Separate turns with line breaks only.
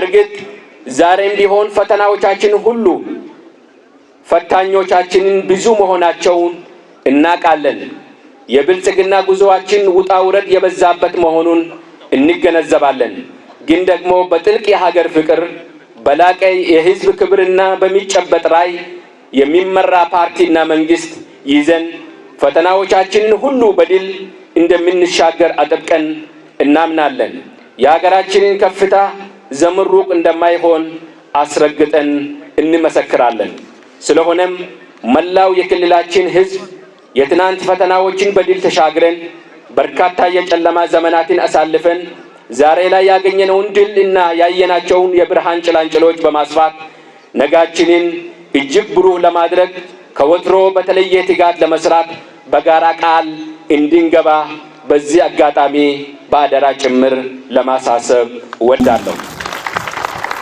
በእርግጥ ዛሬም ቢሆን ፈተናዎቻችን ሁሉ ፈታኞቻችንን ብዙ መሆናቸውን እናውቃለን። የብልጽግና ጉዞአችን ውጣ ውረድ የበዛበት መሆኑን እንገነዘባለን። ግን ደግሞ በጥልቅ የሀገር ፍቅር፣ በላቀ የህዝብ ክብርና በሚጨበጥ ራዕይ የሚመራ ፓርቲና መንግስት ይዘን ፈተናዎቻችንን ሁሉ በድል እንደምንሻገር አጥብቀን እናምናለን። የሀገራችንን ከፍታ ዘመን ሩቅ እንደማይሆን አስረግጠን እንመሰክራለን። ስለሆነም መላው የክልላችን ሕዝብ የትናንት ፈተናዎችን በድል ተሻግረን በርካታ የጨለማ ዘመናትን አሳልፈን ዛሬ ላይ ያገኘነውን ድል እና ያየናቸውን የብርሃን ጭላንጭሎች በማስፋት ነጋችንን እጅግ ብሩህ ለማድረግ ከወትሮ በተለየ ትጋት ለመስራት በጋራ ቃል እንድንገባ በዚህ አጋጣሚ በአደራ ጭምር ለማሳሰብ እወዳለሁ።